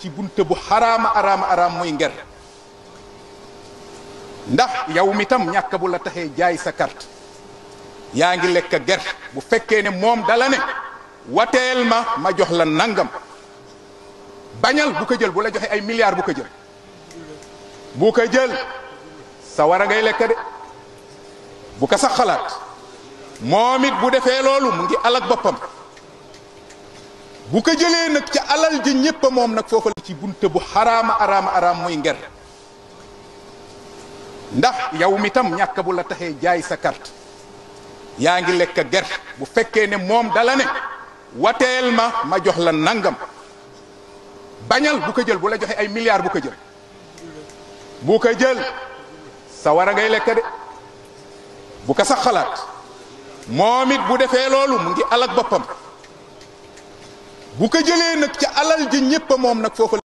ci bunte bu xaraama araama araam muy nger ndax yow mi tam ñàkk bu la taxee jaay sa carte yaa ngi lekk ger bu fekkee ne moom dala ne wateel ma ma jox la nangam bañal bu ko jël bu la joxe ay milliards bu ko jël bu ko jël sa war a ngay lekk de bu ko sax xalaat moom it bu defee loolu mu ngi alak boppam bu ko jëlee nag ca alal ji ñépp moom nag foofa la ci bunte bu xaraama araama araam muy nger ndax yow mi tam ñàkk bu la taxee jaay sa kart yaa ngi lekk ger bu fekkee ne moom dala ne wateel ma ma jox la nangam bañal bu ko jël bu la joxe ay milliards bu ko jël bu ko jël sa war a ngay lekk de bu ko sax xalaat moom it bu defee loolu mu ngi alak boppam bu ko jëlee nag ca alal ji ñépp moom nag foofa